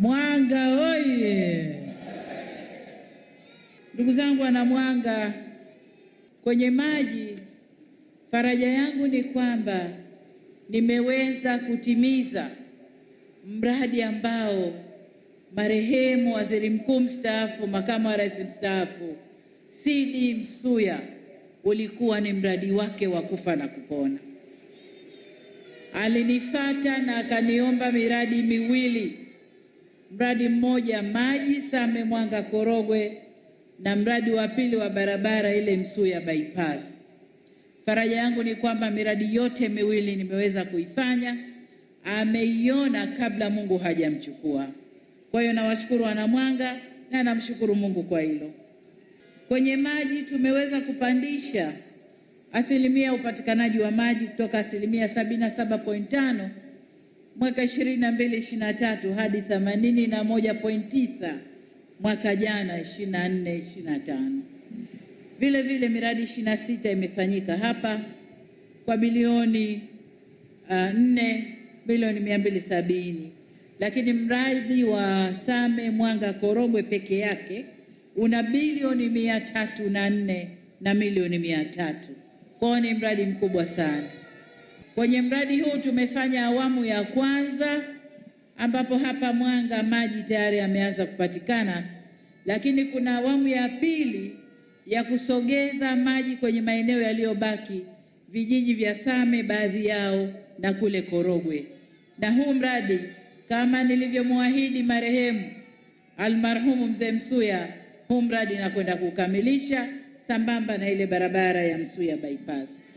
Mwanga oye! Ndugu zangu wana Mwanga, kwenye maji, faraja yangu ni kwamba nimeweza kutimiza mradi ambao marehemu waziri mkuu mstaafu, makamu wa rais mstaafu CD Msuya ulikuwa ni mradi wake wa kufa na kupona. Alinifata na akaniomba miradi miwili mradi mmoja maji Same Mwanga Korogwe na mradi wa pili wa barabara ile Msuya bypass. Faraja yangu ni kwamba miradi yote miwili nimeweza kuifanya, ameiona kabla Mungu hajamchukua. Kwa hiyo nawashukuru wanamwanga na namshukuru Mungu kwa hilo. Kwenye maji tumeweza kupandisha asilimia upatikanaji wa maji kutoka asilimia 77.5 mwaka 22 23 hadi 81.9 mwaka jana 24 25. Vile vile miradi 26 imefanyika hapa kwa bilioni uh, 4 bilioni 270, lakini mradi wa Same Mwanga Korogwe peke yake una bilioni mia tatu na nne na milioni mia tatu kwao, ni mradi mkubwa sana. Kwenye mradi huu tumefanya awamu ya kwanza ambapo hapa Mwanga maji tayari yameanza kupatikana, lakini kuna awamu ya pili ya kusogeza maji kwenye maeneo yaliyobaki, vijiji vya Same baadhi yao na kule Korogwe. Na huu mradi kama nilivyomwahidi marehemu almarhumu mzee Msuya, huu mradi nakwenda kukamilisha sambamba na ile barabara ya Msuya bypass.